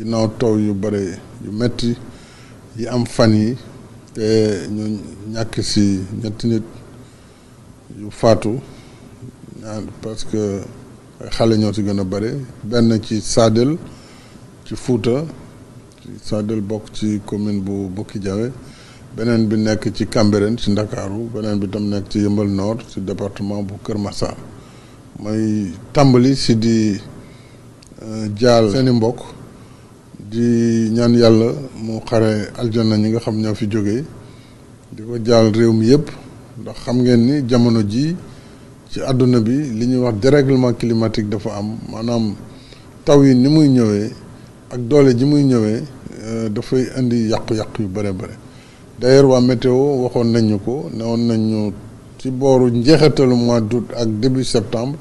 ginnaaw taw yu bare yu metti yi am fan yi te ñu ñàkk si ñetti nit yu faatu parce que xale ñoo ci gën a bare benn ci Sadel ci Fuuta ci Sadel bokk ci commune bu Bokki Jawe beneen bi nekk ci Cambérène ci Ndakaaru beneen bi tam nekk ci Yëmbal Nord ci département bu Kër Massar may tàmbali si di euh, jaal seeni mbokk di ñaan yàlla mu xare aljana ñi nga xam ñoo fi jóge di ko jaal réew mi yëpp ndax xam ngeen ni jamono ji ci àdduna bi li ñuy wax direglement climatique dafa am maanaam taw yi ni muy ñëwee ak doole ji muy ñëwee euh, dafay indi yàqu-yàqu yu bare bare d'ailleurs waa météo waxoon nañu ko ne woon nañu ci booru njeexitalu mois d'août ak début septembre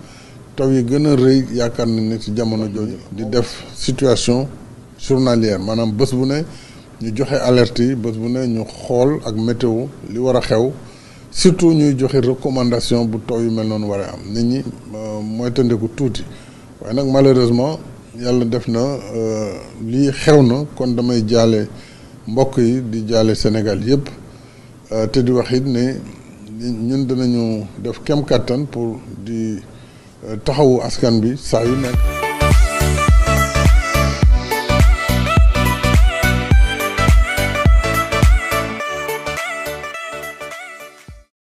taw yi gën a rëy yaakaar nañ ne ci jamono jooju di def situation journalière maanaam bés bu ne ñu joxe alerte yi bés bu ne ñu xool ak météo li war a xew surtout ñuy joxe recommandation bu taw yu mel noonu war a am nit ñi euh, mooy tëndeku tuuti waaye nag malheureusement yàlla def na euh, lii xew na kon damay jaale mbokk yi di jaale Sénégal yëpp euh, te di wax it ne ñun dinañu def kem kàttan pour di taxawu askan bi saa nekk.